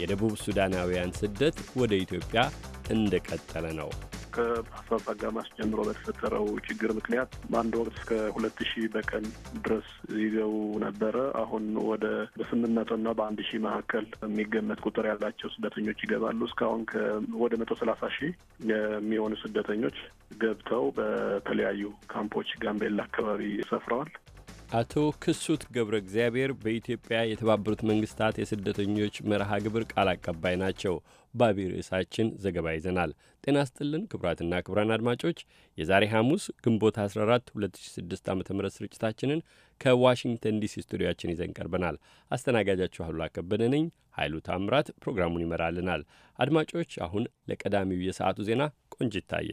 የደቡብ ሱዳናውያን ስደት ወደ ኢትዮጵያ እንደቀጠለ ነው። ከፓሳስ አጋማሽ ጀምሮ በተፈጠረው ችግር ምክንያት በአንድ ወቅት እስከ ሁለት ሺህ በቀን ድረስ ይገቡ ነበረ። አሁን ወደ በስምንት መቶና በአንድ ሺህ መካከል የሚገመት ቁጥር ያላቸው ስደተኞች ይገባሉ። እስካሁን ወደ መቶ ሰላሳ ሺህ የሚሆኑ ስደተኞች ገብተው በተለያዩ ካምፖች ጋምቤላ አካባቢ ሰፍረዋል። አቶ ክሱት ገብረ እግዚአብሔር በኢትዮጵያ የተባበሩት መንግስታት የስደተኞች መርሃ ግብር ቃል አቀባይ ናቸው። ባቢ ርዕሳችን ዘገባ ይዘናል። ጤና ስጥልን ክቡራትና ክቡራን አድማጮች የዛሬ ሐሙስ ግንቦት 14 2006 ዓ ም ስርጭታችንን ከዋሽንግተን ዲሲ ስቱዲያችን ይዘን ቀርበናል። አስተናጋጃችሁ አሉላ ከበደ ነኝ። ኃይሉ ታምራት ፕሮግራሙን ይመራልናል። አድማጮች አሁን ለቀዳሚው የሰዓቱ ዜና ቆንጅ ይታየ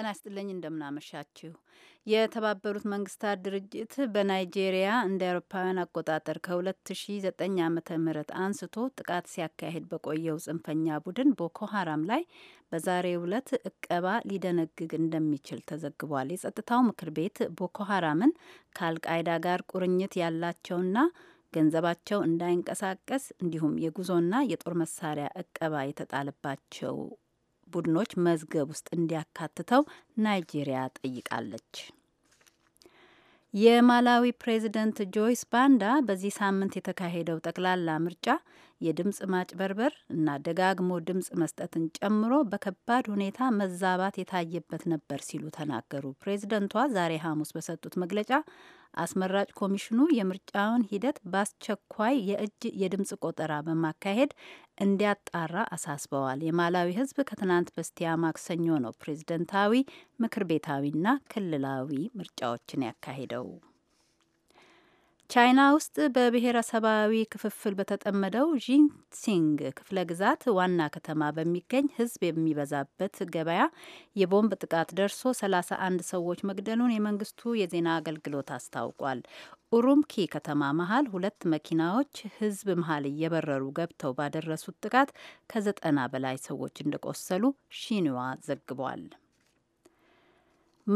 ጤና ይስጥልኝ እንደምናመሻችሁ። የተባበሩት መንግስታት ድርጅት በናይጄሪያ እንደ አውሮፓውያን አቆጣጠር ከ2009 ዓ ም አንስቶ ጥቃት ሲያካሄድ በቆየው ጽንፈኛ ቡድን ቦኮ ሀራም ላይ በዛሬው ዕለት እቀባ ሊደነግግ እንደሚችል ተዘግቧል። የጸጥታው ምክር ቤት ቦኮ ሀራምን ከአልቃይዳ ጋር ቁርኝት ያላቸውና ገንዘባቸው እንዳይንቀሳቀስ እንዲሁም የጉዞና የጦር መሳሪያ እቀባ የተጣለባቸው ቡድኖች መዝገብ ውስጥ እንዲያካትተው ናይጄሪያ ጠይቃለች። የማላዊ ፕሬዚደንት ጆይስ ባንዳ በዚህ ሳምንት የተካሄደው ጠቅላላ ምርጫ የድምፅ ማጭበርበር እና ደጋግሞ ድምፅ መስጠትን ጨምሮ በከባድ ሁኔታ መዛባት የታየበት ነበር ሲሉ ተናገሩ። ፕሬዚደንቷ ዛሬ ሐሙስ በሰጡት መግለጫ አስመራጭ ኮሚሽኑ የምርጫውን ሂደት በአስቸኳይ የእጅ የድምፅ ቆጠራ በማካሄድ እንዲያጣራ አሳስበዋል። የማላዊ ሕዝብ ከትናንት በስቲያ ማክሰኞ ነው ፕሬዝደንታዊ ምክር ቤታዊና ክልላዊ ምርጫዎችን ያካሂደው። ቻይና ውስጥ በብሔረሰባዊ ክፍፍል በተጠመደው ዢንሲንግ ክፍለ ግዛት ዋና ከተማ በሚገኝ ሕዝብ የሚበዛበት ገበያ የቦምብ ጥቃት ደርሶ 31 ሰዎች መግደሉን የመንግስቱ የዜና አገልግሎት አስታውቋል። ኡሩምኪ ከተማ መሀል ሁለት መኪናዎች ሕዝብ መሀል እየበረሩ ገብተው ባደረሱት ጥቃት ከዘጠና በላይ ሰዎች እንደቆሰሉ ሺንዋ ዘግቧል።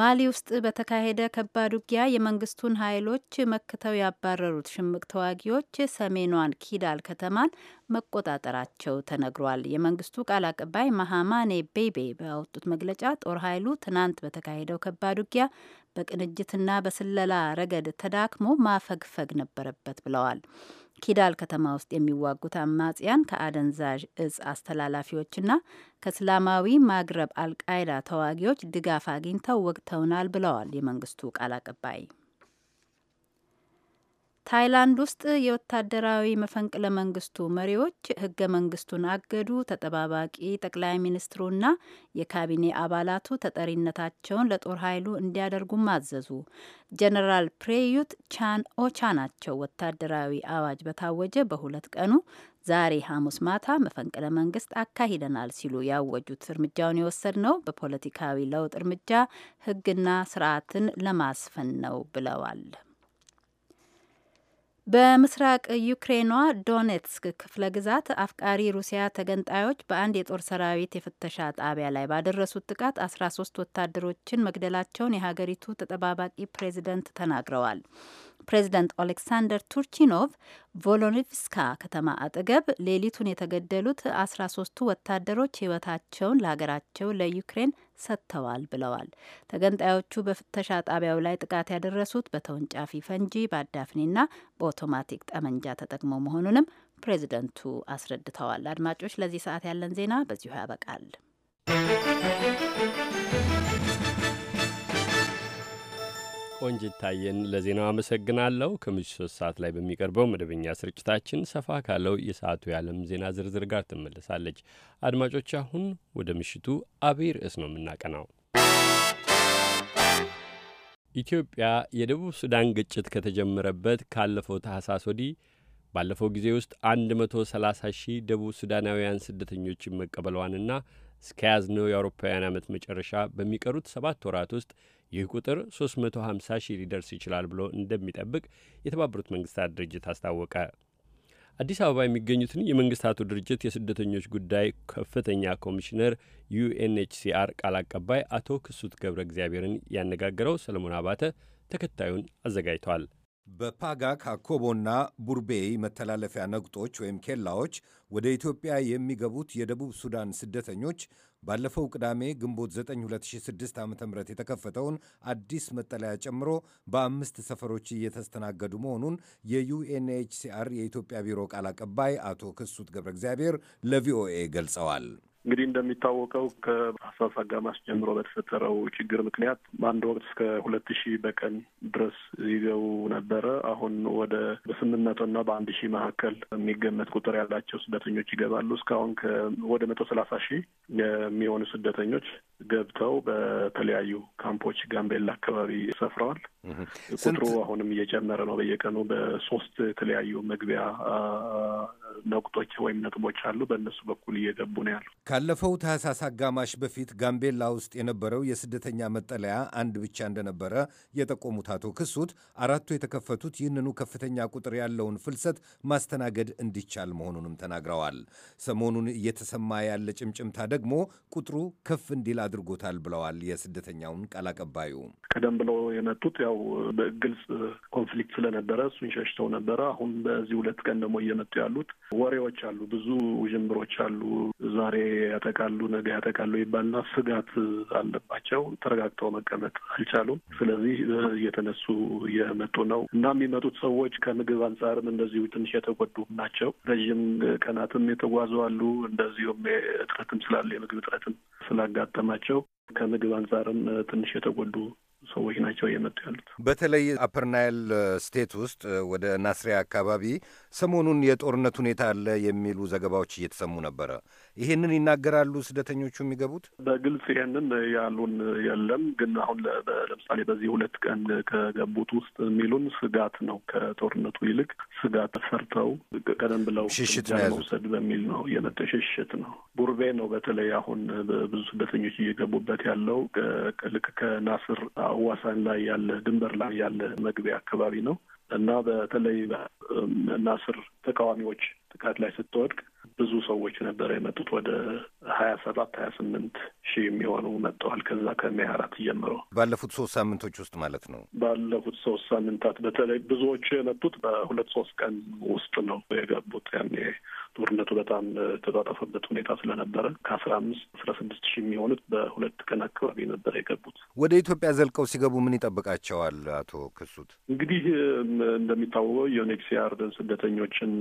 ማሊ ውስጥ በተካሄደ ከባድ ውጊያ የመንግስቱን ኃይሎች መክተው ያባረሩት ሽምቅ ተዋጊዎች ሰሜኗን ኪዳል ከተማን መቆጣጠራቸው ተነግሯል። የመንግስቱ ቃል አቀባይ መሃማኔ ቤቤ ባወጡት መግለጫ ጦር ኃይሉ ትናንት በተካሄደው ከባድ ውጊያ በቅንጅትና በስለላ ረገድ ተዳክሞ ማፈግፈግ ነበረበት ብለዋል። ኪዳል ከተማ ውስጥ የሚዋጉት አማጽያን ከአደንዛዥ እጽ አስተላላፊዎችና ከእስላማዊ ማግረብ አልቃይዳ ተዋጊዎች ድጋፍ አግኝተው ወግተውናል ብለዋል የመንግስቱ ቃል አቀባይ። ታይላንድ ውስጥ የወታደራዊ መፈንቅለ መንግስቱ መሪዎች ህገ መንግስቱን አገዱ። ተጠባባቂ ጠቅላይ ሚኒስትሩና የካቢኔ አባላቱ ተጠሪነታቸውን ለጦር ኃይሉ እንዲያደርጉም አዘዙ። ጀነራል ፕሬዩት ቻን ኦቻ ናቸው ወታደራዊ አዋጅ በታወጀ በሁለት ቀኑ ዛሬ ሐሙስ ማታ መፈንቅለ መንግስት አካሂደናል ሲሉ ያወጁት። እርምጃውን የወሰድ ነው በፖለቲካዊ ለውጥ እርምጃ ህግና ስርዓትን ለማስፈን ነው ብለዋል። በምስራቅ ዩክሬኗ ዶኔትስክ ክፍለ ግዛት አፍቃሪ ሩሲያ ተገንጣዮች በአንድ የጦር ሰራዊት የፍተሻ ጣቢያ ላይ ባደረሱት ጥቃት ሶስት ወታደሮችን መግደላቸውን የሀገሪቱ ተጠባባቂ ፕሬዚደንት ተናግረዋል። ፕሬዚደንት ኦሌክሳንደር ቱርቺኖቭ ቮሎኒቭስካ ከተማ አጠገብ ሌሊቱን የተገደሉት አስራ ሶስቱ ወታደሮች ህይወታቸውን ለሀገራቸው ለዩክሬን ሰጥተዋል ብለዋል። ተገንጣዮቹ በፍተሻ ጣቢያው ላይ ጥቃት ያደረሱት በተወንጫፊ ፈንጂ በአዳፍኔና በአውቶማቲክ ጠመንጃ ተጠቅሞ መሆኑንም ፕሬዚደንቱ አስረድተዋል። አድማጮች፣ ለዚህ ሰዓት ያለን ዜና በዚሁ ያበቃል። ቆንጅ ታየን ለዜናው አመሰግናለሁ። ከምሽቱ ሶስት ሰዓት ላይ በሚቀርበው መደበኛ ስርጭታችን ሰፋ ካለው የሰዓቱ የዓለም ዜና ዝርዝር ጋር ትመለሳለች። አድማጮች፣ አሁን ወደ ምሽቱ አብይ ርዕስ ነው የምናቀናው። ኢትዮጵያ የደቡብ ሱዳን ግጭት ከተጀመረበት ካለፈው ታህሳስ ወዲህ ባለፈው ጊዜ ውስጥ 130 ሺህ ደቡብ ሱዳናውያን ስደተኞችን መቀበሏንና እስከ የአውሮፓውያን ዓመት መጨረሻ በሚቀሩት ሰባት ወራት ውስጥ ይህ ቁጥር 350 ሺህ ሊደርስ ይችላል ብሎ እንደሚጠብቅ የተባበሩት መንግስታት ድርጅት አስታወቀ። አዲስ አበባ የሚገኙትን የመንግስታቱ ድርጅት የስደተኞች ጉዳይ ከፍተኛ ኮሚሽነር ዩኤንኤችሲአር ቃል አቀባይ አቶ ክሱት ገብረ እግዚአብሔርን ያነጋገረው ሰለሞን አባተ ተከታዩን አዘጋጅቷል። በፓጋ ካኮቦና ቡርቤይ መተላለፊያ ነቁጦች ወይም ኬላዎች ወደ ኢትዮጵያ የሚገቡት የደቡብ ሱዳን ስደተኞች ባለፈው ቅዳሜ ግንቦት 9 2006 ዓ ም የተከፈተውን አዲስ መጠለያ ጨምሮ በአምስት ሰፈሮች እየተስተናገዱ መሆኑን የዩኤንኤችሲአር የኢትዮጵያ ቢሮ ቃል አቀባይ አቶ ክሱት ገብረ እግዚአብሔር ለቪኦኤ ገልጸዋል። እንግዲህ እንደሚታወቀው ከሀሳስ አጋማሽ ጀምሮ በተፈጠረው ችግር ምክንያት በአንድ ወቅት እስከ ሁለት ሺህ በቀን ድረስ ይገቡ ነበረ። አሁን ወደ በስምንት መቶ በአንድ ሺህ መካከል የሚገመት ቁጥር ያላቸው ስደተኞች ይገባሉ። እስካሁን ወደ መቶ ሰላሳ ሺህ የሚሆኑ ስደተኞች ገብተው በተለያዩ ካምፖች ጋምቤላ አካባቢ ሰፍረዋል። ቁጥሩ አሁንም እየጨመረ ነው። በየቀኑ በሶስት የተለያዩ መግቢያ ነቁጦች ወይም ነጥቦች አሉ። በእነሱ በኩል እየገቡ ነው ያሉ ካለፈው ታህሳስ አጋማሽ በፊት ጋምቤላ ውስጥ የነበረው የስደተኛ መጠለያ አንድ ብቻ እንደነበረ የጠቆሙት አቶ ክሱት አራቱ የተከፈቱት ይህንኑ ከፍተኛ ቁጥር ያለውን ፍልሰት ማስተናገድ እንዲቻል መሆኑንም ተናግረዋል። ሰሞኑን እየተሰማ ያለ ጭምጭምታ ደግሞ ቁጥሩ ከፍ እንዲል አድርጎታል ብለዋል የስደተኛውን ቃል አቀባዩ። ቀደም ብለው የመጡት ያው በግልጽ ኮንፍሊክት ስለነበረ እሱን ሸሽተው ነበረ። አሁን በዚህ ሁለት ቀን ደግሞ እየመጡ ያሉት ወሬዎች አሉ፣ ብዙ ውዥንብሮች አሉ ዛሬ ያጠቃሉ፣ ነገ ያጠቃሉ ይባልና ስጋት አለባቸው። ተረጋግተው መቀመጥ አልቻሉም። ስለዚህ እየተነሱ እየመጡ ነው እና የሚመጡት ሰዎች ከምግብ አንጻርም እንደዚሁ ትንሽ የተጎዱ ናቸው። ረዥም ቀናትም የተጓዙ አሉ። እንደዚሁም እጥረትም ስላለ የምግብ እጥረትም ስላጋጠማቸው ከምግብ አንጻርም ትንሽ የተጎዱ ሰዎች ናቸው እየመጡ ያሉት። በተለይ አፐርናይል ስቴት ውስጥ ወደ ናስሪያ አካባቢ ሰሞኑን የጦርነት ሁኔታ አለ የሚሉ ዘገባዎች እየተሰሙ ነበረ። ይህንን ይናገራሉ ስደተኞቹ የሚገቡት? በግልጽ ይህንን ያሉን የለም። ግን አሁን ለምሳሌ በዚህ ሁለት ቀን ከገቡት ውስጥ የሚሉን ስጋት ነው። ከጦርነቱ ይልቅ ስጋት ፈርተው ቀደም ብለው ሽሽት መውሰድ በሚል ነው የመጠ ሽሽት ነው ቡርቤ ነው። በተለይ አሁን ብዙ ስደተኞች እየገቡበት ያለው ልክ ከናስር አዋሳን ላይ ያለ ድንበር ላይ ያለ መግቢያ አካባቢ ነው እና በተለይ ናስር ተቃዋሚዎች ጥቃት ላይ ስትወድቅ ብዙ ሰዎች ነበር የመጡት። ወደ ሀያ ሰባት ሀያ ስምንት ሺህ የሚሆኑ መጥተዋል። ከዛ አራት ጀምሮ ባለፉት ሶስት ሳምንቶች ውስጥ ማለት ነው። ባለፉት ሶስት ሳምንታት በተለይ ብዙዎቹ የመጡት በሁለት ሶስት ቀን ውስጥ ነው የገቡት ያኔ ጦርነቱ በጣም ተጧጧፈበት ሁኔታ ስለነበረ ከአስራ አምስት አስራ ስድስት ሺህ የሚሆኑት በሁለት ቀን አካባቢ ነበረ የገቡት። ወደ ኢትዮጵያ ዘልቀው ሲገቡ ምን ይጠብቃቸዋል? አቶ ክሱት እንግዲህ እንደሚታወቀው የዩኤንኤችሲአር ስደተኞችን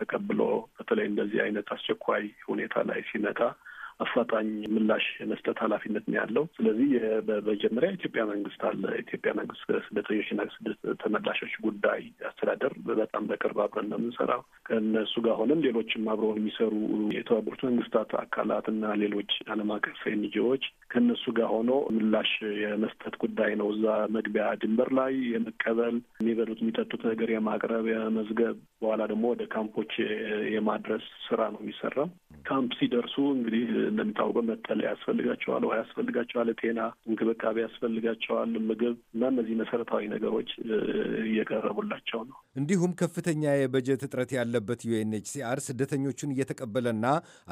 ተቀብሎ በተለይ እንደዚህ አይነት አስቸኳይ ሁኔታ ላይ ሲመጣ አፋጣኝ ምላሽ የመስጠት ኃላፊነት ነው ያለው። ስለዚህ በመጀመሪያ ኢትዮጵያ መንግስት አለ። ኢትዮጵያ መንግስት ስደተኞችና ስደት ተመላሾች ጉዳይ አስተዳደር በጣም በቅርብ አብረን ነው የምንሰራው። ከእነሱ ጋር ሆነን ሌሎችም አብረውን የሚሰሩ የተባበሩት መንግስታት አካላት እና ሌሎች ዓለም አቀፍ ኤንጂዎች ከእነሱ ጋር ሆኖ ምላሽ የመስጠት ጉዳይ ነው። እዛ መግቢያ ድንበር ላይ የመቀበል የሚበሉት የሚጠጡት ነገር የማቅረብ የመዝገብ፣ በኋላ ደግሞ ወደ ካምፖች የማድረስ ስራ ነው የሚሰራው። ካምፕ ሲደርሱ እንግዲህ እንደሚታወቀው መጠለያ ያስፈልጋቸዋል፣ ውሃ ያስፈልጋቸዋል፣ ጤና እንክብካቤ ያስፈልጋቸዋል፣ ምግብ እና እነዚህ መሰረታዊ ነገሮች እየቀረቡላቸው ነው። እንዲሁም ከፍተኛ የበጀት እጥረት ያለበት ዩኤንኤችሲአር ስደተኞቹን እየተቀበለና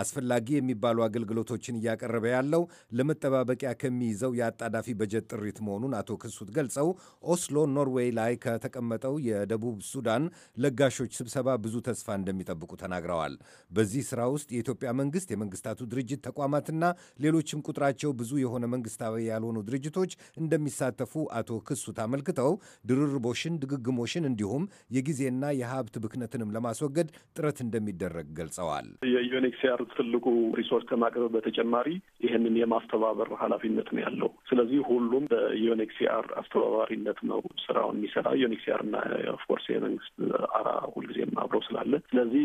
አስፈላጊ የሚባሉ አገልግሎቶችን እያቀረበ ያለው ለመጠባበቂያ ከሚይዘው የአጣዳፊ በጀት ጥሪት መሆኑን አቶ ክሱት ገልጸው ኦስሎ ኖርዌይ ላይ ከተቀመጠው የደቡብ ሱዳን ለጋሾች ስብሰባ ብዙ ተስፋ እንደሚጠብቁ ተናግረዋል። በዚህ ስራ ውስጥ የኢትዮጵያ መንግስት፣ የመንግስታቱ ድርጅት ተቋማትና ሌሎችም ቁጥራቸው ብዙ የሆነ መንግስታዊ ያልሆኑ ድርጅቶች እንደሚሳተፉ አቶ ክሱት አመልክተው ድርርቦሽን፣ ድግግሞሽን እንዲሁም የጊዜና የሀብት ብክነትንም ለማስወገድ ጥረት እንደሚደረግ ገልጸዋል። የዩኤንኤችሲአር ትልቁ ሪሶርስ ከማቅረብ በተጨማሪ ይህንን የማስተባበር ኃላፊነት ነው ያለው። ስለዚህ ሁሉም በዩኤንኤችሲአር አስተባባሪነት ነው ስራውን የሚሰራ ዩኤንኤችሲአር እና ኦፍኮርስ የመንግስት አራ ሁልጊዜም አብረው ስላለ ስለዚህ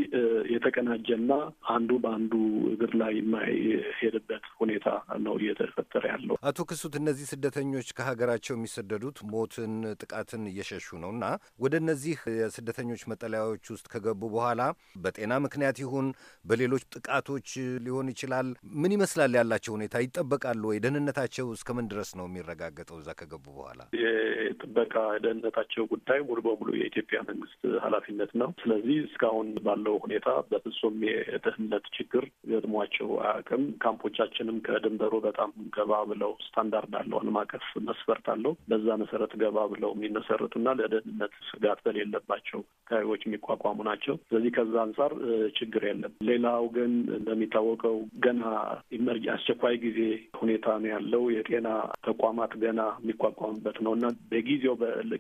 የተቀናጀና አንዱ በአንዱ እግር ላይ የማይ የሄደበት ሁኔታ ነው እየተፈጠረ ያለው። አቶ ክሱት፣ እነዚህ ስደተኞች ከሀገራቸው የሚሰደዱት ሞትን፣ ጥቃትን እየሸሹ ነው እና ወደ እነዚህ የስደተኞች መጠለያዎች ውስጥ ከገቡ በኋላ በጤና ምክንያት ይሁን በሌሎች ጥቃቶች ሊሆን ይችላል ምን ይመስላል ያላቸው ሁኔታ? ይጠበቃሉ ወይ? ደህንነታቸው እስከምን ድረስ ነው የሚረጋገጠው? እዛ ከገቡ በኋላ የጥበቃ ደህንነታቸው ጉዳይ ሙሉ በሙሉ የኢትዮጵያ መንግስት ኃላፊነት ነው። ስለዚህ እስካሁን ባለው ሁኔታ በፍጹም የደህንነት ችግር ገጥሟቸው አያውቅም። አቅም ካምፖቻችንም ከድንበሩ በጣም ገባ ብለው ስታንዳርድ አለው፣ ዓለም አቀፍ መስፈርት አለው። በዛ መሰረት ገባ ብለው የሚመሰረቱና ለደህንነት ስጋት በሌለባቸው አካባቢዎች የሚቋቋሙ ናቸው። ስለዚህ ከዛ አንጻር ችግር የለም። ሌላው ግን እንደሚታወቀው ገና ኢመርጂ አስቸኳይ ጊዜ ሁኔታ ነው ያለው። የጤና ተቋማት ገና የሚቋቋምበት ነው እና በጊዜው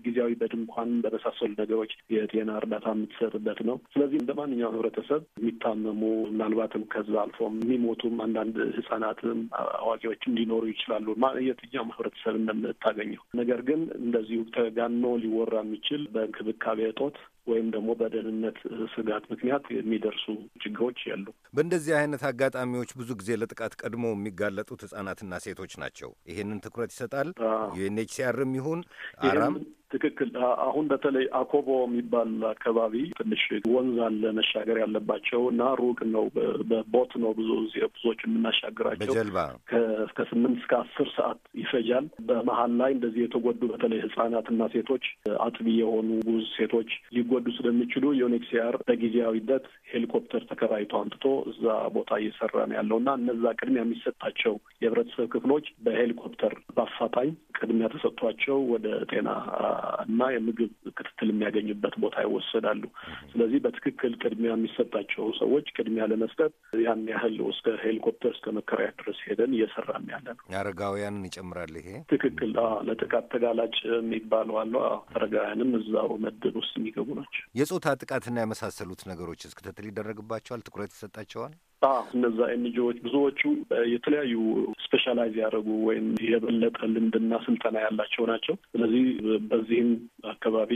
ጊዜያዊ በድንኳን በመሳሰሉ ነገሮች የጤና እርዳታ የምትሰጥበት ነው። ስለዚህ እንደ ማንኛውም ህብረተሰብ የሚታመሙ ምናልባትም ከዛ አልፎም የሚሞቱም አንዳንድ ህጻናትም አዋቂዎችም ሊኖሩ ይችላሉ። የትኛው ማህበረተሰብ እንደምታገኘው ነገር ግን እንደዚሁ ተጋኖ ሊወራ የሚችል በእንክብካቤ እጦት ወይም ደግሞ በደህንነት ስጋት ምክንያት የሚደርሱ ችግሮች ያሉ። በእንደዚህ አይነት አጋጣሚዎች ብዙ ጊዜ ለጥቃት ቀድሞ የሚጋለጡት ህጻናትና ሴቶች ናቸው። ይሄንን ትኩረት ይሰጣል ዩኤንኤችሲአርም ይሁን አራም። ትክክል። አሁን በተለይ አኮቦ የሚባል አካባቢ ትንሽ ወንዝ አለ መሻገር ያለባቸው እና ሩቅ ነው። በቦት ነው ብዙ ብዙዎች የምናሻግራቸው በጀልባ ከስምንት እስከ አስር ሰዓት ይፈጃል። በመሀል ላይ እንደዚህ የተጎዱ በተለይ ህጻናትና ሴቶች አጥቢ የሆኑ ጉዝ ሴቶች ሊጎ ሊጎዱ ስለሚችሉ ዩኤንኤችሲአር በጊዜያዊነት ሄሊኮፕተር ተከራይቶ አምጥቶ እዛ ቦታ እየሰራ ነው ያለው እና እነዛ ቅድሚያ የሚሰጣቸው የህብረተሰብ ክፍሎች በሄሊኮፕተር በአፋጣኝ ቅድሚያ ተሰጥቷቸው ወደ ጤና እና የምግብ ክትትል የሚያገኙበት ቦታ ይወሰዳሉ። ስለዚህ በትክክል ቅድሚያ የሚሰጣቸው ሰዎች ቅድሚያ ለመስጠት ያን ያህል እስከ ሄሊኮፕተር እስከ መከራያ ድረስ ሄደን እየሰራን ያለ ነው። አረጋውያንን ይጨምራል ይሄ ትክክል። ለጥቃት ተጋላጭ የሚባለው አለ። አረጋውያንም እዛው መድብ ውስጥ የሚገቡ ነው። ናቸው። የጾታ ጥቃትና የመሳሰሉት ነገሮች እስክትትል ይደረግባቸዋል፣ ትኩረት ይሰጣቸዋል። እነዛ ኤንጂዎች ብዙዎቹ የተለያዩ ስፔሻላይዝ ያደረጉ ወይም የበለጠ ልምድና ስልጠና ያላቸው ናቸው። ስለዚህ በዚህም አካባቢ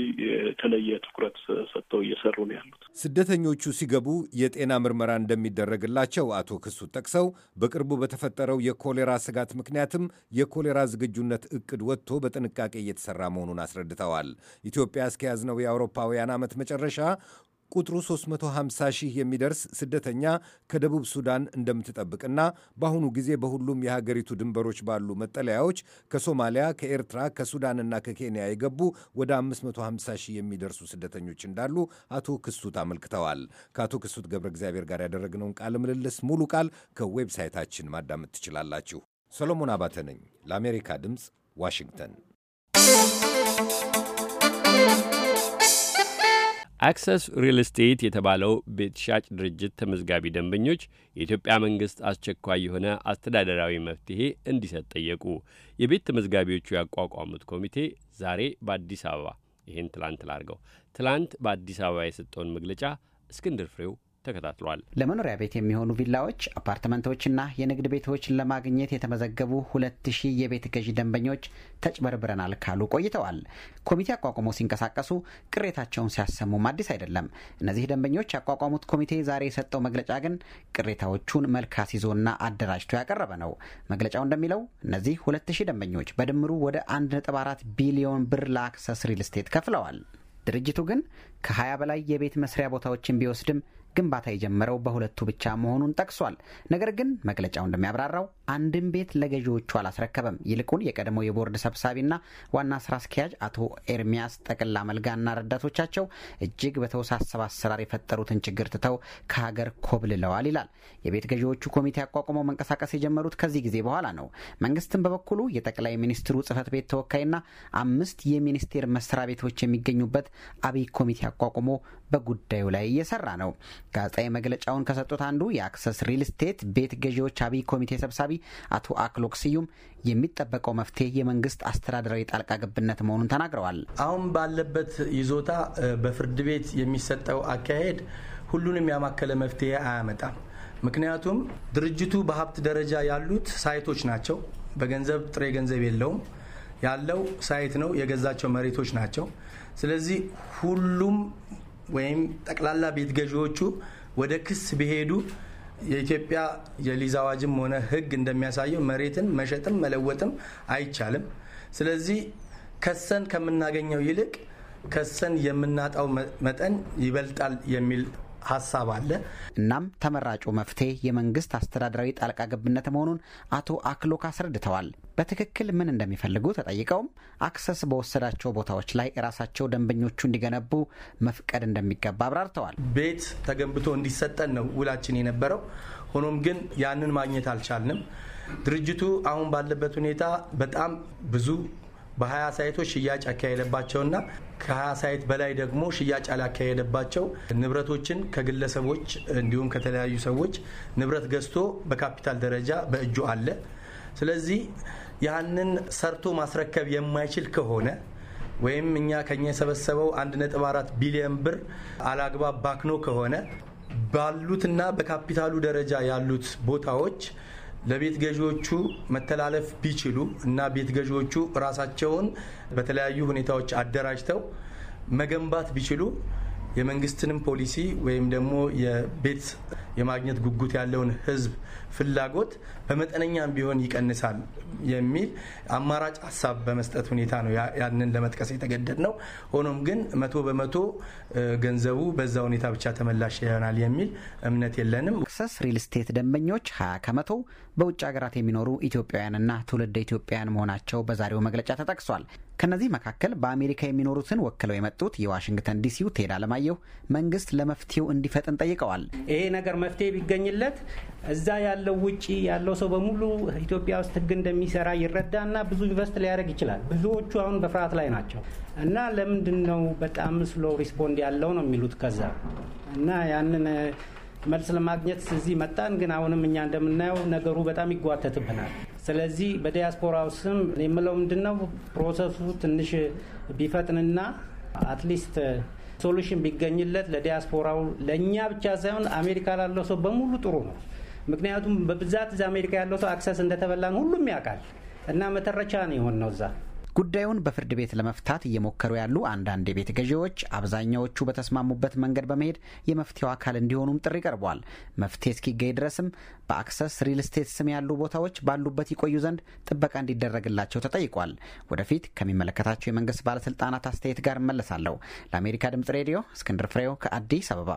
የተለየ ትኩረት ሰጥተው እየሰሩ ነው ያሉት። ስደተኞቹ ሲገቡ የጤና ምርመራ እንደሚደረግላቸው አቶ ክሱ ጠቅሰው በቅርቡ በተፈጠረው የኮሌራ ስጋት ምክንያትም የኮሌራ ዝግጁነት እቅድ ወጥቶ በጥንቃቄ እየተሰራ መሆኑን አስረድተዋል። ኢትዮጵያ እስከያዝነው የአውሮፓውያን ዓመት መጨረሻ ቁጥሩ 350 ሺህ የሚደርስ ስደተኛ ከደቡብ ሱዳን እንደምትጠብቅና በአሁኑ ጊዜ በሁሉም የሀገሪቱ ድንበሮች ባሉ መጠለያዎች ከሶማሊያ፣ ከኤርትራ፣ ከሱዳንና ከኬንያ የገቡ ወደ 550 ሺህ የሚደርሱ ስደተኞች እንዳሉ አቶ ክሱት አመልክተዋል። ከአቶ ክሱት ገብረ እግዚአብሔር ጋር ያደረግነውን ቃለ ምልልስ ሙሉ ቃል ከዌብሳይታችን ማዳመጥ ትችላላችሁ። ሰሎሞን አባተ ነኝ ለአሜሪካ ድምፅ ዋሽንግተን። አክሰስ ሪል ስቴት የተባለው ቤት ሻጭ ድርጅት ተመዝጋቢ ደንበኞች የኢትዮጵያ መንግሥት አስቸኳይ የሆነ አስተዳደራዊ መፍትሄ እንዲሰጥ ጠየቁ። የቤት ተመዝጋቢዎቹ ያቋቋሙት ኮሚቴ ዛሬ በአዲስ አበባ ይህን ትላንት ላርገው ትላንት በአዲስ አበባ የሰጠውን መግለጫ እስክንድር ፍሬው ተከታትሏል። ለመኖሪያ ቤት የሚሆኑ ቪላዎች፣ አፓርትመንቶችና የንግድ ቤቶችን ለማግኘት የተመዘገቡ ሁለት ሺህ የቤት ገዢ ደንበኞች ተጭበርብረናል ካሉ ቆይተዋል። ኮሚቴ አቋቁመው ሲንቀሳቀሱ ቅሬታቸውን ሲያሰሙም አዲስ አይደለም። እነዚህ ደንበኞች ያቋቋሙት ኮሚቴ ዛሬ የሰጠው መግለጫ ግን ቅሬታዎቹን መልክ አስይዞና አደራጅቶ ያቀረበ ነው። መግለጫው እንደሚለው እነዚህ ሁለት ሺህ ደንበኞች በድምሩ ወደ 1.4 ቢሊዮን ብር ለአክሰስ ሪል ስቴት ከፍለዋል። ድርጅቱ ግን ከ20 በላይ የቤት መስሪያ ቦታዎችን ቢወስድም ግንባታ የጀመረው በሁለቱ ብቻ መሆኑን ጠቅሷል። ነገር ግን መግለጫው እንደሚያብራራው አንድም ቤት ለገዢዎቹ አላስረከበም። ይልቁን የቀድሞው የቦርድ ሰብሳቢና ዋና ስራ አስኪያጅ አቶ ኤርሚያስ ጠቅላ መልጋና ረዳቶቻቸው እጅግ በተወሳሰበ አሰራር የፈጠሩትን ችግር ትተው ከሀገር ኮብልለዋል ይላል። የቤት ገዢዎቹ ኮሚቴ አቋቁመው መንቀሳቀስ የጀመሩት ከዚህ ጊዜ በኋላ ነው። መንግስትም በበኩሉ የጠቅላይ ሚኒስትሩ ጽህፈት ቤት ተወካይና አምስት የሚኒስቴር መስሪያ ቤቶች የሚገኙበት አብይ ኮሚቴ አቋቁሞ በጉዳዩ ላይ እየሰራ ነው። ጋዜጣዊ መግለጫውን ከሰጡት አንዱ የአክሰስ ሪል ስቴት ቤት ገዢዎች አብይ ኮሚቴ ሰብሳቢ አቶ አክሎክ ስዩም የሚጠበቀው መፍትሄ የመንግስት አስተዳደራዊ ጣልቃ ገብነት መሆኑን ተናግረዋል። አሁን ባለበት ይዞታ በፍርድ ቤት የሚሰጠው አካሄድ ሁሉንም ያማከለ መፍትሄ አያመጣም። ምክንያቱም ድርጅቱ በሀብት ደረጃ ያሉት ሳይቶች ናቸው። በገንዘብ ጥሬ ገንዘብ የለውም ያለው ሳይት ነው። የገዛቸው መሬቶች ናቸው። ስለዚህ ሁሉም ወይም ጠቅላላ ቤት ገዢዎቹ ወደ ክስ ቢሄዱ የኢትዮጵያ የሊዝ አዋጅም ሆነ ሕግ እንደሚያሳየው መሬትን መሸጥም መለወጥም አይቻልም። ስለዚህ ከሰን ከምናገኘው ይልቅ ከሰን የምናጣው መጠን ይበልጣል የሚል ሀሳብ አለ። እናም ተመራጩ መፍትሄ የመንግስት አስተዳደራዊ ጣልቃ ገብነት መሆኑን አቶ አክሎክ አስረድተዋል። በትክክል ምን እንደሚፈልጉ ተጠይቀውም አክሰስ በወሰዳቸው ቦታዎች ላይ ራሳቸው ደንበኞቹ እንዲገነቡ መፍቀድ እንደሚገባ አብራርተዋል። ቤት ተገንብቶ እንዲሰጠን ነው ውላችን የነበረው። ሆኖም ግን ያንን ማግኘት አልቻልንም። ድርጅቱ አሁን ባለበት ሁኔታ በጣም ብዙ በሀያ ሳይቶች ሽያጭ አካሄደባቸውና ከ20 ሳይት በላይ ደግሞ ሽያጭ አላካሄደባቸው ንብረቶችን ከግለሰቦች እንዲሁም ከተለያዩ ሰዎች ንብረት ገዝቶ በካፒታል ደረጃ በእጁ አለ። ስለዚህ ያንን ሰርቶ ማስረከብ የማይችል ከሆነ ወይም እኛ ከኛ የሰበሰበው 1.4 ቢሊዮን ብር አላግባብ ባክኖ ከሆነ ባሉትና በካፒታሉ ደረጃ ያሉት ቦታዎች ለቤት ገዢዎቹ መተላለፍ ቢችሉ እና ቤት ገዢዎቹ ራሳቸውን በተለያዩ ሁኔታዎች አደራጅተው መገንባት ቢችሉ የመንግስትንም ፖሊሲ ወይም ደግሞ የቤት የማግኘት ጉጉት ያለውን ህዝብ ፍላጎት በመጠነኛም ቢሆን ይቀንሳል የሚል አማራጭ ሀሳብ በመስጠት ሁኔታ ነው ያንን ለመጥቀስ የተገደድ ነው። ሆኖም ግን መቶ በመቶ ገንዘቡ በዛ ሁኔታ ብቻ ተመላሽ ይሆናል የሚል እምነት የለንም። ክሰስ ሪል ስቴት ደንበኞች 20 ከመቶ በውጭ ሀገራት የሚኖሩ ኢትዮጵያውያንና ትውልደ ኢትዮጵያውያን መሆናቸው በዛሬው መግለጫ ተጠቅሷል። ከእነዚህ መካከል በአሜሪካ የሚኖሩትን ወክለው የመጡት የዋሽንግተን ዲሲው ቴድ አለማየሁ መንግስት ለመፍትሄው እንዲፈጥን ጠይቀዋል። ይሄ ነገር መፍትሄ ቢገኝለት እዛ ያለው ውጭ ያለው ሰው በሙሉ ኢትዮጵያ ውስጥ ህግ እንደሚሰራ ይረዳና ብዙ ኢንቨስት ሊያደርግ ይችላል። ብዙዎቹ አሁን በፍርሃት ላይ ናቸው እና ለምንድን ነው በጣም ስሎ ሪስፖንድ ያለው ነው የሚሉት ከዛ እና ያንን መልስ ለማግኘት እዚህ መጣን። ግን አሁንም እኛ እንደምናየው ነገሩ በጣም ይጓተትብናል። ስለዚህ በዲያስፖራው ስም የምለው ምንድን ነው ፕሮሰሱ ትንሽ ቢፈጥንና አትሊስት ሶሉሽን ቢገኝለት ለዲያስፖራው ለእኛ ብቻ ሳይሆን አሜሪካ ላለው ሰው በሙሉ ጥሩ ነው። ምክንያቱም በብዛት እዚ አሜሪካ ያለው ሰው አክሰስ እንደተበላን ሁሉም ያውቃል እና መተረቻ ነው የሆን ነው እዛ ጉዳዩን በፍርድ ቤት ለመፍታት እየሞከሩ ያሉ አንዳንድ የቤት ገዢዎች አብዛኛዎቹ በተስማሙበት መንገድ በመሄድ የመፍትሄው አካል እንዲሆኑም ጥሪ ቀርቧል። መፍትሄ እስኪገኝ ድረስም በአክሰስ ሪል ስቴት ስም ያሉ ቦታዎች ባሉበት ይቆዩ ዘንድ ጥበቃ እንዲደረግላቸው ተጠይቋል። ወደፊት ከሚመለከታቸው የመንግስት ባለስልጣናት አስተያየት ጋር እመለሳለሁ። ለአሜሪካ ድምጽ ሬዲዮ እስክንድር ፍሬው ከአዲስ አበባ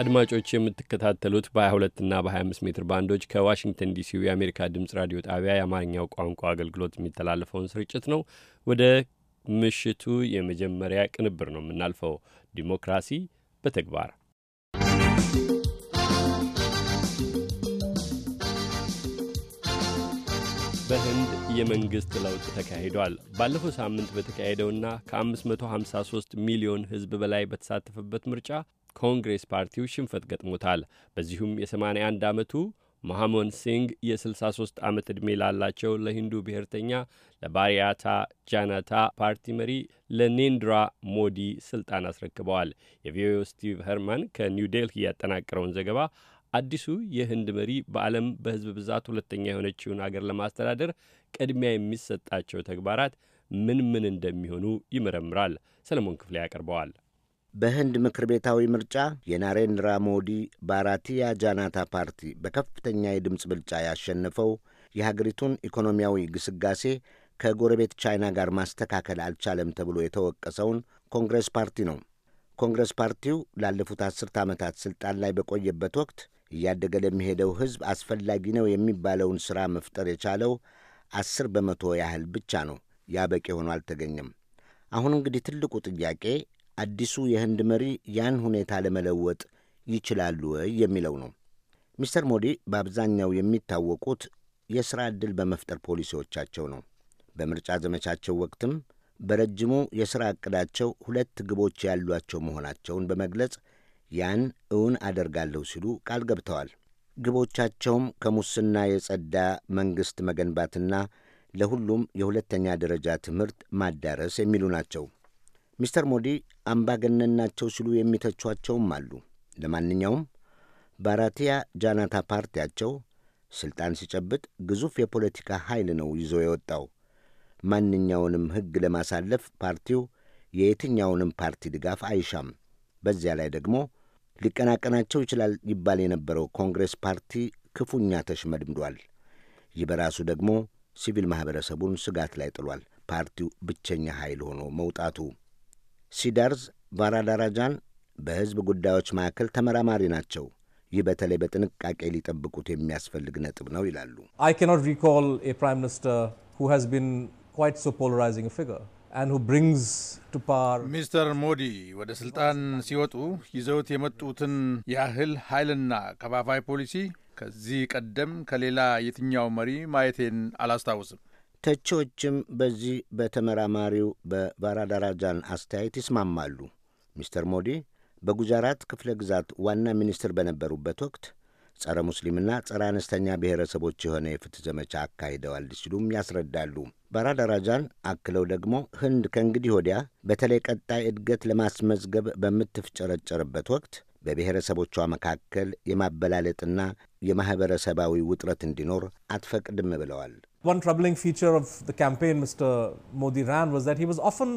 አድማጮች የምትከታተሉት በ22 እና በ25 ሜትር ባንዶች ከዋሽንግተን ዲሲው የአሜሪካ ድምፅ ራዲዮ ጣቢያ የአማርኛው ቋንቋ አገልግሎት የሚተላለፈውን ስርጭት ነው። ወደ ምሽቱ የመጀመሪያ ቅንብር ነው የምናልፈው። ዲሞክራሲ በተግባር በህንድ የመንግሥት ለውጥ ተካሂዷል። ባለፈው ሳምንት በተካሄደውና ከ553 ሚሊዮን ሕዝብ በላይ በተሳተፈበት ምርጫ ኮንግሬስ ፓርቲው ሽንፈት ገጥሞታል። በዚሁም የ81 ዓመቱ መሐሞን ሲንግ የ63 ዓመት ዕድሜ ላላቸው ለሂንዱ ብሔርተኛ ለባሪያታ ጃናታ ፓርቲ መሪ ለኔንድራ ሞዲ ስልጣን አስረክበዋል። የቪኦኤው ስቲቭ ሄርማን ከኒው ዴልሂ ያጠናቀረውን ዘገባ አዲሱ የህንድ መሪ በዓለም በህዝብ ብዛት ሁለተኛ የሆነችውን አገር ለማስተዳደር ቅድሚያ የሚሰጣቸው ተግባራት ምን ምን እንደሚሆኑ ይመረምራል። ሰለሞን ክፍሌ ያቀርበዋል። በህንድ ምክር ቤታዊ ምርጫ የናሬንድራ ሞዲ ባራቲያ ጃናታ ፓርቲ በከፍተኛ የድምፅ ብልጫ ያሸነፈው የሀገሪቱን ኢኮኖሚያዊ ግስጋሴ ከጎረቤት ቻይና ጋር ማስተካከል አልቻለም ተብሎ የተወቀሰውን ኮንግረስ ፓርቲ ነው። ኮንግረስ ፓርቲው ላለፉት አስርተ ዓመታት ስልጣን ላይ በቆየበት ወቅት እያደገ ለሚሄደው ሕዝብ አስፈላጊ ነው የሚባለውን ሥራ መፍጠር የቻለው አስር በመቶ ያህል ብቻ ነው። ያ በቂ ሆኖ አልተገኘም። አሁን እንግዲህ ትልቁ ጥያቄ አዲሱ የህንድ መሪ ያን ሁኔታ ለመለወጥ ይችላሉ ወይ የሚለው ነው። ሚስተር ሞዲ በአብዛኛው የሚታወቁት የሥራ ዕድል በመፍጠር ፖሊሲዎቻቸው ነው። በምርጫ ዘመቻቸው ወቅትም በረጅሙ የሥራ ዕቅዳቸው ሁለት ግቦች ያሏቸው መሆናቸውን በመግለጽ ያን እውን አደርጋለሁ ሲሉ ቃል ገብተዋል። ግቦቻቸውም ከሙስና የጸዳ መንግሥት መገንባትና ለሁሉም የሁለተኛ ደረጃ ትምህርት ማዳረስ የሚሉ ናቸው። ሚስተር ሞዲ አምባገነን ናቸው ሲሉ የሚተቿቸውም አሉ። ለማንኛውም ባራቲያ ጃናታ ፓርቲያቸው ስልጣን ሲጨብጥ ግዙፍ የፖለቲካ ኃይል ነው ይዞ የወጣው። ማንኛውንም ሕግ ለማሳለፍ ፓርቲው የየትኛውንም ፓርቲ ድጋፍ አይሻም። በዚያ ላይ ደግሞ ሊቀናቀናቸው ይችላል ይባል የነበረው ኮንግሬስ ፓርቲ ክፉኛ ተሽመድምዷል። ይህ በራሱ ደግሞ ሲቪል ማኅበረሰቡን ስጋት ላይ ጥሏል። ፓርቲው ብቸኛ ኃይል ሆኖ መውጣቱ ሲዳርዝ ቫራዳራጃን በሕዝብ ጉዳዮች ማዕከል ተመራማሪ ናቸው። ይህ በተለይ በጥንቃቄ ሊጠብቁት የሚያስፈልግ ነጥብ ነው ይላሉ። ሚስተር ሞዲ ወደ ስልጣን ሲወጡ ይዘውት የመጡትን ያህል ኃይልና ከፋፋይ ፖሊሲ ከዚህ ቀደም ከሌላ የትኛው መሪ ማየቴን አላስታውስም። ተቺዎችም በዚህ በተመራማሪው በባራዳራጃን አስተያየት ይስማማሉ። ሚስተር ሞዲ በጉጃራት ክፍለ ግዛት ዋና ሚኒስትር በነበሩበት ወቅት ጸረ ሙስሊምና ጸረ አነስተኛ ብሔረሰቦች የሆነ የፍትህ ዘመቻ አካሂደዋል ሲሉም ያስረዳሉ። ባራዳራጃን አክለው ደግሞ ህንድ ከእንግዲህ ወዲያ በተለይ ቀጣይ እድገት ለማስመዝገብ በምትፍጨረጨርበት ወቅት በብሔረሰቦቿ መካከል የማበላለጥና የማኅበረሰባዊ ውጥረት እንዲኖር አትፈቅድም ብለዋል። one troubling feature of the campaign Mr. Modi ran was that he was often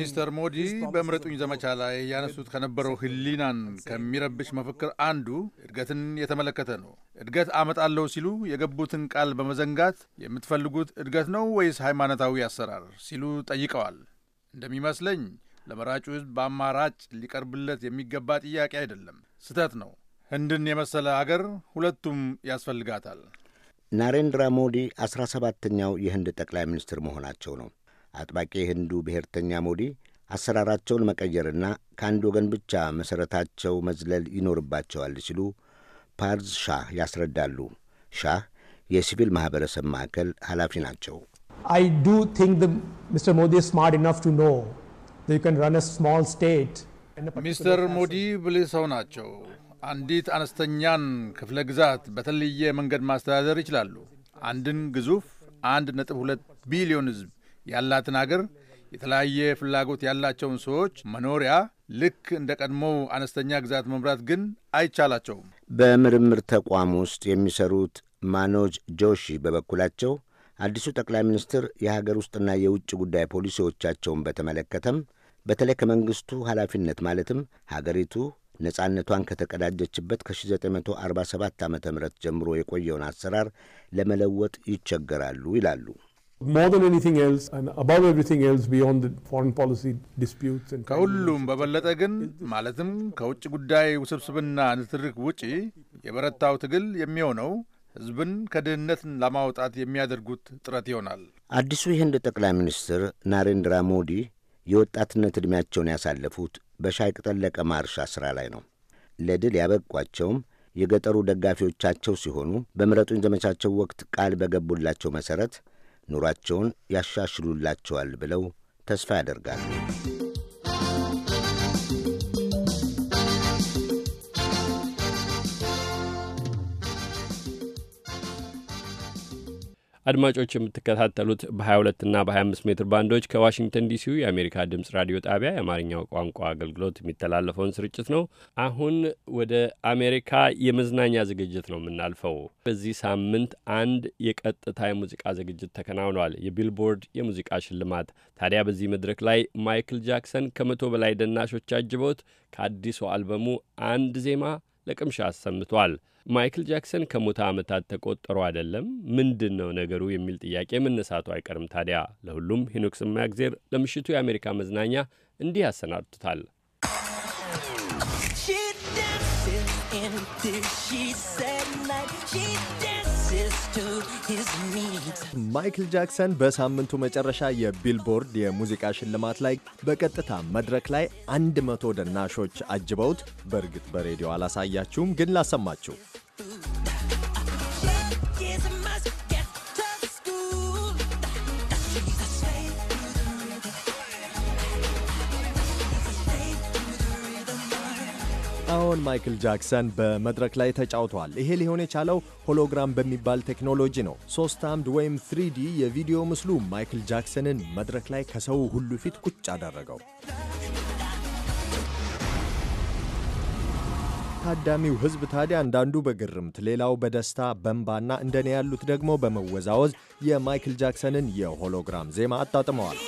ሚስተር ሞዲ በምረጡኝ ዘመቻ ላይ ያነሱት ከነበረው ህሊናን ከሚረብሽ መፈክር አንዱ እድገትን የተመለከተ ነው። እድገት አመጣለሁ ሲሉ የገቡትን ቃል በመዘንጋት የምትፈልጉት እድገት ነው ወይስ ሃይማኖታዊ አሰራር ሲሉ ጠይቀዋል። እንደሚመስለኝ ለመራጩ ህዝብ በአማራጭ ሊቀርብለት የሚገባ ጥያቄ አይደለም፣ ስህተት ነው። ህንድን የመሰለ አገር ሁለቱም ያስፈልጋታል። ናሬንድራ ሞዲ 17ተኛው የህንድ ጠቅላይ ሚኒስትር መሆናቸው ነው። አጥባቂ የህንዱ ብሔርተኛ ሞዲ አሰራራቸውን መቀየርና ከአንድ ወገን ብቻ መሠረታቸው መዝለል ይኖርባቸዋል ሲሉ ፓርዝ ሻህ ያስረዳሉ። ሻህ የሲቪል ማኅበረሰብ ማዕከል ኃላፊ ናቸው። ሞዲ ሚስተር ሞዲ ብልህ ሰው ናቸው። አንዲት አነስተኛን ክፍለ ግዛት በተለየ መንገድ ማስተዳደር ይችላሉ። አንድን ግዙፍ አንድ ነጥብ ሁለት ቢሊዮን ሕዝብ ያላትን አገር የተለያየ ፍላጎት ያላቸውን ሰዎች መኖሪያ ልክ እንደ ቀድሞው አነስተኛ ግዛት መምራት ግን አይቻላቸውም። በምርምር ተቋም ውስጥ የሚሰሩት ማኖጅ ጆሺ በበኩላቸው አዲሱ ጠቅላይ ሚኒስትር የሀገር ውስጥና የውጭ ጉዳይ ፖሊሲዎቻቸውን በተመለከተም በተለይ ከመንግሥቱ ኃላፊነት ማለትም ሀገሪቱ ነጻነቷን ከተቀዳጀችበት ከ1947 ዓ ም ጀምሮ የቆየውን አሰራር ለመለወጥ ይቸገራሉ ይላሉ። ከሁሉም በበለጠ ግን ማለትም ከውጭ ጉዳይ ውስብስብና ንትርክ ውጪ የበረታው ትግል የሚሆነው ሕዝብን ከድህነት ለማውጣት የሚያደርጉት ጥረት ይሆናል። አዲሱ የህንድ ጠቅላይ ሚኒስትር ናሬንድራ ሞዲ የወጣትነት ዕድሜያቸውን ያሳለፉት በሻይ ቅጠል ለቀማ እርሻ ሥራ ላይ ነው። ለድል ያበቋቸውም የገጠሩ ደጋፊዎቻቸው ሲሆኑ በምረጡኝ ዘመቻቸው ወቅት ቃል በገቡላቸው መሠረት ኑሯቸውን ያሻሽሉላቸዋል ብለው ተስፋ ያደርጋሉ። አድማጮች የምትከታተሉት በ22 እና በ25 ሜትር ባንዶች ከዋሽንግተን ዲሲው የአሜሪካ ድምፅ ራዲዮ ጣቢያ የአማርኛው ቋንቋ አገልግሎት የሚተላለፈውን ስርጭት ነው። አሁን ወደ አሜሪካ የመዝናኛ ዝግጅት ነው የምናልፈው። በዚህ ሳምንት አንድ የቀጥታ የሙዚቃ ዝግጅት ተከናውኗል፣ የቢልቦርድ የሙዚቃ ሽልማት። ታዲያ በዚህ መድረክ ላይ ማይክል ጃክሰን ከመቶ በላይ ደናሾች አጅበውት ከአዲሱ አልበሙ አንድ ዜማ ለቅምሻ አሰምቷል። ማይክል ጃክሰን ከሞተ ዓመታት ተቆጠሩ አይደለም ምንድን ነው ነገሩ የሚል ጥያቄ መነሳቱ አይቀርም። ታዲያ ለሁሉም ሄኖክ ሰማእግዜር ለምሽቱ የአሜሪካ መዝናኛ እንዲህ ያሰናድቱታል። She ማይክል ጃክሰን በሳምንቱ መጨረሻ የቢልቦርድ የሙዚቃ ሽልማት ላይ በቀጥታ መድረክ ላይ አንድ መቶ ደናሾች አጅበውት፣ በእርግጥ በሬዲዮ አላሳያችሁም፣ ግን ላሰማችሁ አሁን ማይክል ጃክሰን በመድረክ ላይ ተጫውቷል። ይሄ ሊሆን የቻለው ሆሎግራም በሚባል ቴክኖሎጂ ነው። ሶስት አምድ ወይም ትሪዲ የቪዲዮ ምስሉ ማይክል ጃክሰንን መድረክ ላይ ከሰው ሁሉ ፊት ቁጭ አደረገው። ታዳሚው ህዝብ ታዲያ አንዳንዱ በግርምት ሌላው በደስታ በንባና እንደኔ ያሉት ደግሞ በመወዛወዝ የማይክል ጃክሰንን የሆሎግራም ዜማ አጣጥመዋል።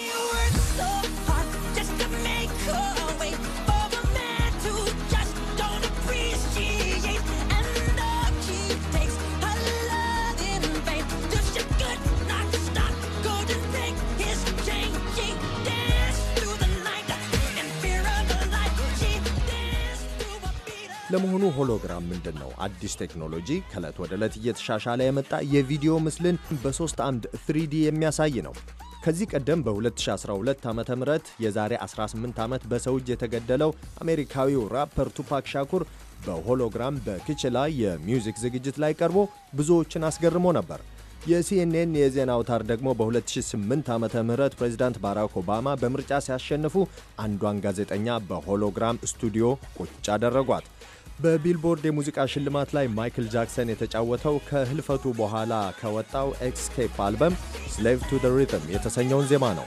ለመሆኑ ሆሎግራም ምንድን ነው? አዲስ ቴክኖሎጂ ከእለት ወደ ዕለት እየተሻሻለ የመጣ የቪዲዮ ምስልን በሶስት አምድ ትሪዲ የሚያሳይ ነው። ከዚህ ቀደም በ2012 ዓ ም የዛሬ 18 ዓመት በሰው እጅ የተገደለው አሜሪካዊው ራፐር ቱፓክ ሻኩር በሆሎግራም ላይ የሚውዚክ ዝግጅት ላይ ቀርቦ ብዙዎችን አስገርሞ ነበር። የሲኤንኤን የዜና አውታር ደግሞ በ2008 ዓ ም ፕሬዚዳንት ባራክ ኦባማ በምርጫ ሲያሸንፉ አንዷን ጋዜጠኛ በሆሎግራም ስቱዲዮ ቁጭ አደረጓት። በቢልቦርድ የሙዚቃ ሽልማት ላይ ማይክል ጃክሰን የተጫወተው ከህልፈቱ በኋላ ከወጣው ኤክስኬፕ አልበም ስሌቭ ቱ ደ ሪትም የተሰኘውን ዜማ ነው።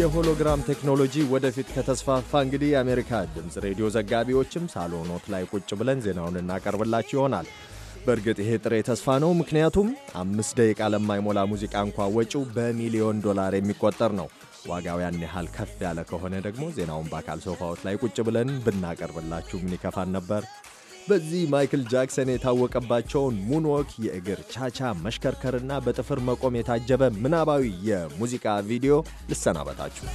የሆሎግራም ቴክኖሎጂ ወደፊት ከተስፋፋ እንግዲህ የአሜሪካ ድምፅ ሬዲዮ ዘጋቢዎችም ሳሎኖት ላይ ቁጭ ብለን ዜናውን እናቀርብላችሁ ይሆናል። በእርግጥ ይሄ ጥሬ ተስፋ ነው። ምክንያቱም አምስት ደቂቃ ለማይሞላ ሙዚቃ እንኳ ወጪው በሚሊዮን ዶላር የሚቆጠር ነው። ዋጋው ያን ያህል ከፍ ያለ ከሆነ ደግሞ ዜናውን በአካል ሶፋዎች ላይ ቁጭ ብለን ብናቀርብላችሁ ምን ይከፋን ነበር? በዚህ ማይክል ጃክሰን የታወቀባቸውን ሙንወክ የእግር ቻቻ መሽከርከርና በጥፍር መቆም የታጀበ ምናባዊ የሙዚቃ ቪዲዮ ልሰናበታችሁ።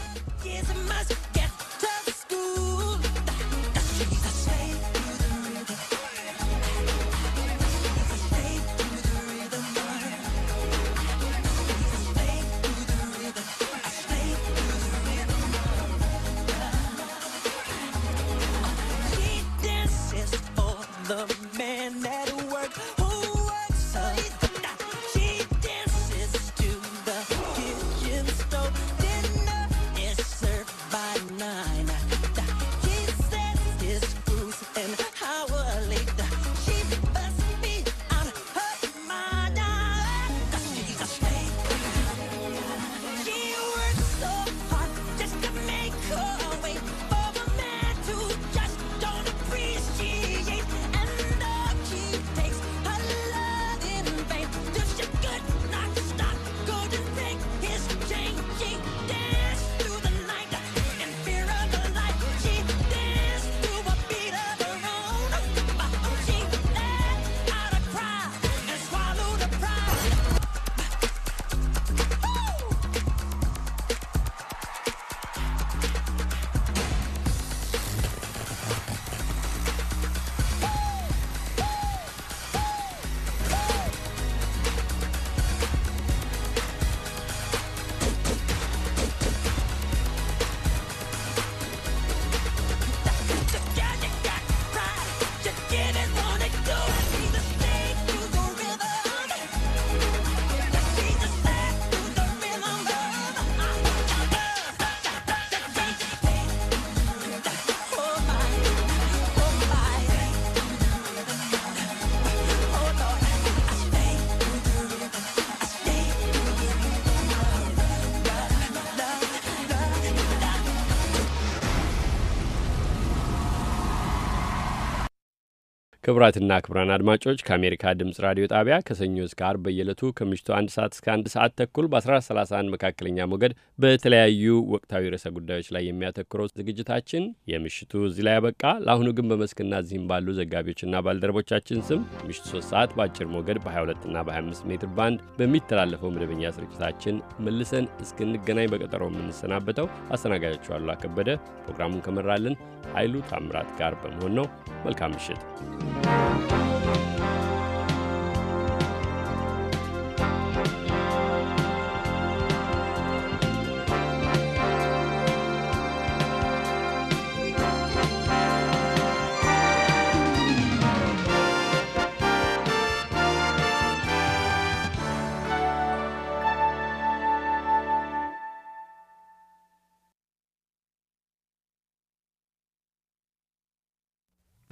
ክቡራትና ክቡራን አድማጮች ከአሜሪካ ድምፅ ራዲዮ ጣቢያ ከሰኞ እስከ አርብ በየዕለቱ ከምሽቱ አንድ ሰዓት እስከ አንድ ሰዓት ተኩል በ1431 መካከለኛ ሞገድ በተለያዩ ወቅታዊ ርዕሰ ጉዳዮች ላይ የሚያተኩረው ዝግጅታችን የምሽቱ እዚህ ላይ ያበቃ። ለአሁኑ ግን በመስክና እዚህም ባሉ ዘጋቢዎችና ባልደረቦቻችን ስም ምሽቱ 3 ሰዓት በአጭር ሞገድ በ22ና በ25 ሜትር ባንድ በሚተላለፈው መደበኛ ስርጭታችን መልሰን እስክንገናኝ በቀጠሮ የምንሰናበተው አስተናጋጃችኋሉ አከበደ ፕሮግራሙን ከመራልን ኃይሉ ታምራት ጋር በመሆን ነው። መልካም ምሽት። Música